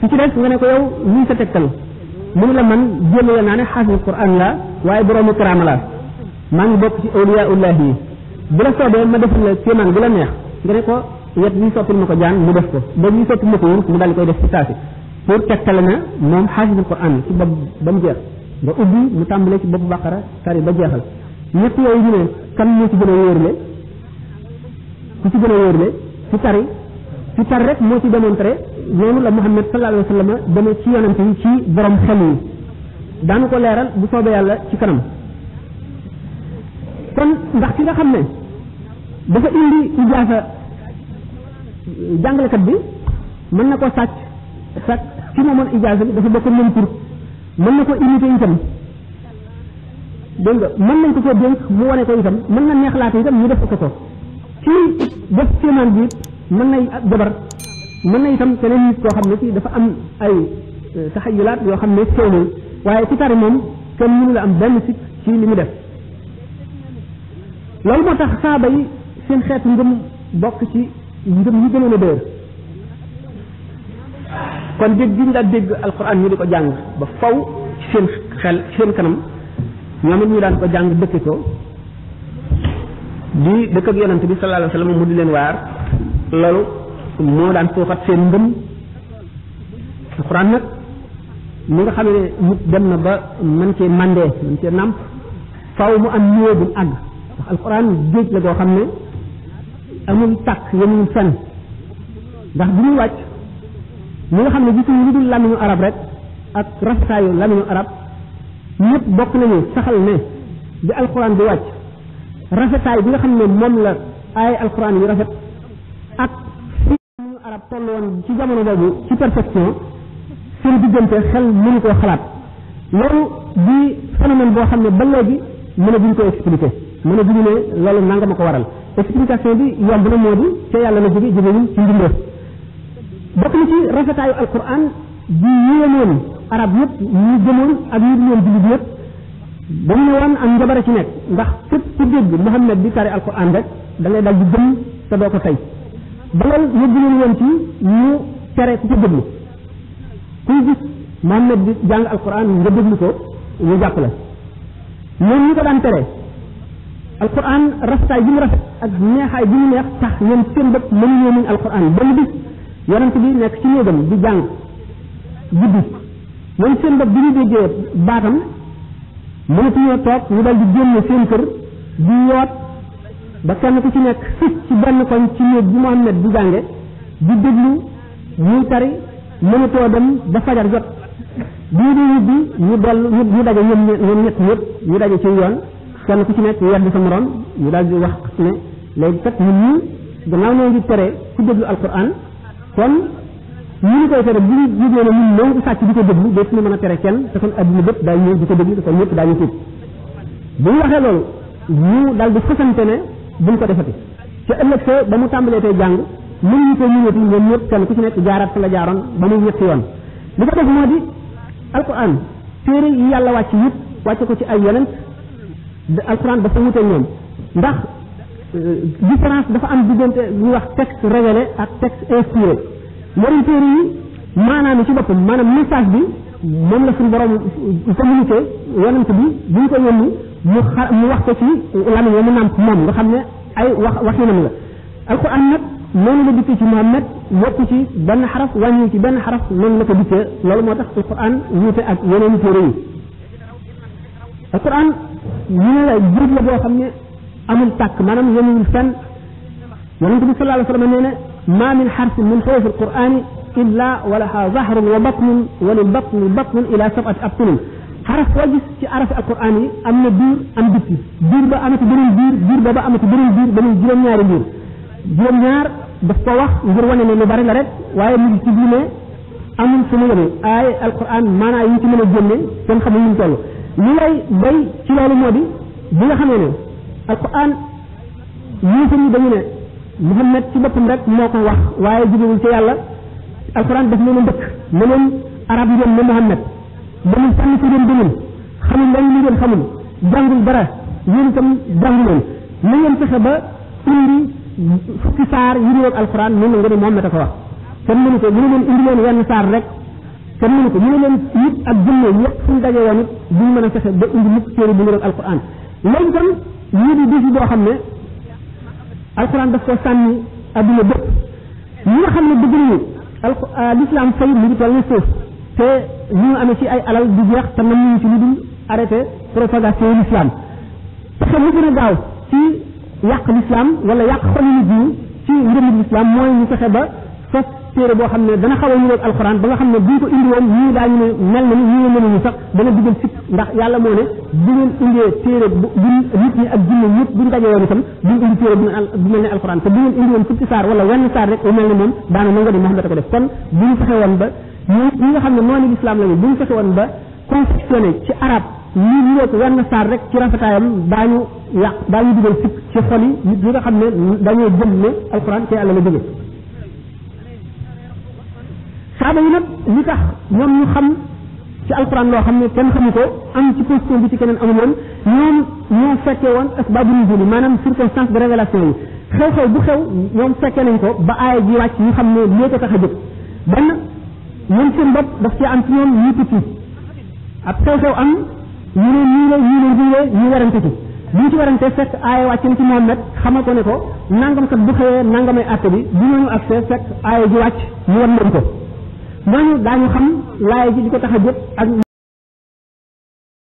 ci des nga ne ko yow lii sa tegtal mënu la man jéem la naa ne xaafisul quran la waaye boroomu karaama la maa ngi bokk ci awliya ullahi yi bu la soobee ma defal la kéemaan bu la neex nga ne ko yet bii soppil ma ko jaan mu def ko ba bii soppil ma ko wurus mu daal di koy def ci saasi pour tegtale na moom xaafisul quran ci bopp ba mu jeex nga ubbi mu tàmbalee ci boppu bàqara tari ba jeexal ñett yooyu ñu ne kan moo ci gën a wóorle ku ci gën a ci tari ci loolu la muhammad sallallahu alayhi wasallam demee ci yonante yi ci borom xel yi daan ko leeral bu soobee yàlla ci kanam kon ndax ki nga xam ne dafa indi ci jaasa jàngalekat bi mën na ko sàcc sàcc ci mën ijaasa bi dafa bokk moom tur mën na ko imité itam dégg nga mën nañ ko ko dénk mu wane ko itam mën na neexlaate itam ñu def ko ko ci def seenaan bi mën nay jabar mën na itam keneen nit koo xam ne ci dafa am ay euh, taxayulaat yoo xam ne xew na waaye ci tari moom kenn mënu la am benn sikk ci li mu def loolu moo tax saaba yi seen xeetu ngëm bokk ci ngëm yi gënoon a dóor kon dégg gi ñu daan dégg alquran ñu di ko jàng ba faw ci seen xel seen kanam ñoom it ñu daan ko jàng dëkke ko di dëkk ak yonante bi sallallahu alayhi mu di leen waar loolu moo daan suuxat seen ngëm alxuraan nag mi nga xam ne nit dem na ba mën cee mandee mën cee nàmp faaw mu am niveau bu àgg ndax alxuraan géej la goo xam ne amul tàkk yemul fenn ndax bu ñuy wàcc ñi nga xam ne gisuñu lu dul làmmiñu arab rek ak rastaayu làmmiñu arab ñëpp bokk nañu saxal ne bi alxuraan di wàcc rafetaay bi nga xam ne moom la ay alxuraan yu rafet ak arab ci jamono boobu ci perfection seen diggante xel mënu koo xalaat loolu di phénomène boo xam ne ba léegi mën a duñ ko expliquer mën a duñu ne loolu nanga ma ko waral explication bi yomb na moo di ca yàlla na jóge jógewul ci mbindéef bokk na ci rafetaayu alquran di yéemoon arab yëpp ñu gëmoon ak ñu duñoon jullit yëpp ba mu ne woon am njabara ci nekk ndax fépp ku dégg Muhammad di tari alquran rek da ngay dal di gëm te doo ko tey ba loolu yóbbu leen woon ci ñu tere ku ko déglu kuy gis Muhammad bi jàng alquran nga déglu ko ñu jàpp la ñoom ñu ko daan tere alquran rafetaay bi mu rafet ak neexaay bi mu neex tax ñoom seen bopp mënuñoo muñ alquran ba mu bis yonent bi nekk ci néegam di jàng guddi ñoom seen bopp bi ñu déggee baatam mënatuñoo toog ñu dal di seen kër di yoot ba kenn ku ci nekk fii ci benn koñ ci néeg bi Muhammad bu jànge di déglu muy tari mënutoo dem ba fajar jot bii di yubbi ñu dellu ñu daje ñoom ñoom ñett ñëpp ñu daje ci yoon kenn ku ci nekk ñu yedd sa moroom ñu daal di wax ne léegi kat ñun ñii gannaaw noo ngi tere ku déglu alquran kon ñu ngi koy tere di ko déglu dootu ñu mën a tere kenn te kon adduna bépp daañu ñëw di ko déglu te kon ñëpp daañu tuub bu waxee loolu ñu daal di ne buñ ko defati ca ëllëg sa ba mu tàmbalee tey jàng mën ñu koy ñëwati ñoom ñëpp kenn ku ci nekk jaaraat fa la jaaroon ba muy ñetti yoon li ko def moo di alquran téere yi yàlla wàcc yëpp wàcce ko ci ay yonent alquran dafa wute ñoom ndax euh, différence dafa am duggante ñuy wax texte révélé ak texte inspiré yeneen téere yi maanaam ci boppam maanaam message bi moom la suñu borom communiqué yonent bi buñ ko yónni mu xa mu wax ko ci lan ya mu namp moom nga xam ne ay wax waxinam la alquran nag noonu la dikkee ci Muhammad yokk ci benn xaraf wàññi ci benn xaraf noonu la ko dikkee loolu moo tax alquran wuute ak yeneen téere yi alquran ñu ne la jiit la boo xam ne amul tàkk maanaam yemuwul fenn yonente bi sallallahu alayhi wa sallam nee na ma min xarfin min xawfi alqurani illa walaha zahrun wa batnun wa lilbatni batnun ila sab'ati abtunin xaraf boo gis ci arafi alquran yi am na biir am bitti biir ba amati beneen biir biir ba ba amati beneen biir beneen juróom-ñaari biir juróom-ñaar daf ko wax ngir wane ne lu bari la rek waaye mu ngi ci biir ne amul fu mu yemee ay alquran maanaam yi ci mën a génne kenn xamul ñu toll lay bay ci loolu moo di bi nga xamee ne alquran yéefar yi dañu ne Muhammad ci boppam rek moo ko wax waaye jubewul ci yàlla alquran daf leen a ndëkk ne leen arab yi ne Muhammad ba mu sànni ko doon demoon xamul lan li ngeen xamul jàngul dara yéen itam jàngu leen na ngeen fexe ba indi fukki saar yu ñu alxuraan noonu la nga ne moom la ko wax. kenn mënu ko mënu leen indi leen wenn saar rek kenn mënu ko mënu leen ak jëmm yëpp suñu daje woon it duñ mën a fexe ba indi mukk téere bu ñu doon alxuraan loolu itam lii di défi boo xam ne alxuraan daf koo sànni adduna bépp ñi nga xam ne bëgg nañu alxu ah, l'islam fay mu ngi toll ni suuf. te ñu amé ci ay alal du jeex te nam ñu ci lu dul arrêté propagation l'islam te mu gëna gaaw ci yàq l'islam wala yàq xolu nit ñi ci ngëm l'islam mooy ñu fexe ba sos téere boo xam ne dana xaw a ñu ak alquran ba nga xam ne buñ ko indi woon ñii daañu ne mel na ni ñii ne mënuñu sax dana dugal fit ndax yàlla moo ne bu ngeen indee téere bu nit ñi ak jinne ñëpp buñ dajee woon itam duñ indi téere bu mel ne alquran te bu ngeen indi woon fukki saar wala wenn saar rek u mel ne moom daana nango ni Muhammad ko def kon bu ñu fexe woon ba ñi ñi nga xam ne noonu lislaam lañu bu ñu fexe woon ba confectionné ci arab lii ñu nekk wenn saar rek ci rafetaayam daañu yàq daañu dugal sikk ci xol yi nit ñi nga xam ne dañoo gëm ne alxuraan ci yàlla la jóge saaba yi nag li tax ñoom ñu xam ci alxuraan loo xam ne kenn xamu ko am ci position bi ci keneen amul woon ñoom ñoo fekkee woon asbaabu nuzul maanaam circonstance de révélation yi xew-xew bu xew ñoom fekkee nañ ko ba aaya ji wàcc ñu xam ne lée ko tax a jóg benn ñoom seen bopp daf cee am ci ñoom ñu tuuti ab xew xew am ñu ne ñu ne ñu ne ñu ne ci bu ñu ci werante fekk aaya wàccan ci moom xamal ko ne ko nangam kat bu xëyee nangamay àtte bi bu ñooñu accès fekk aaya ji wàcc ñu wan leen ko ñooñu daañu xam laaya ji di ko tax a jóg ak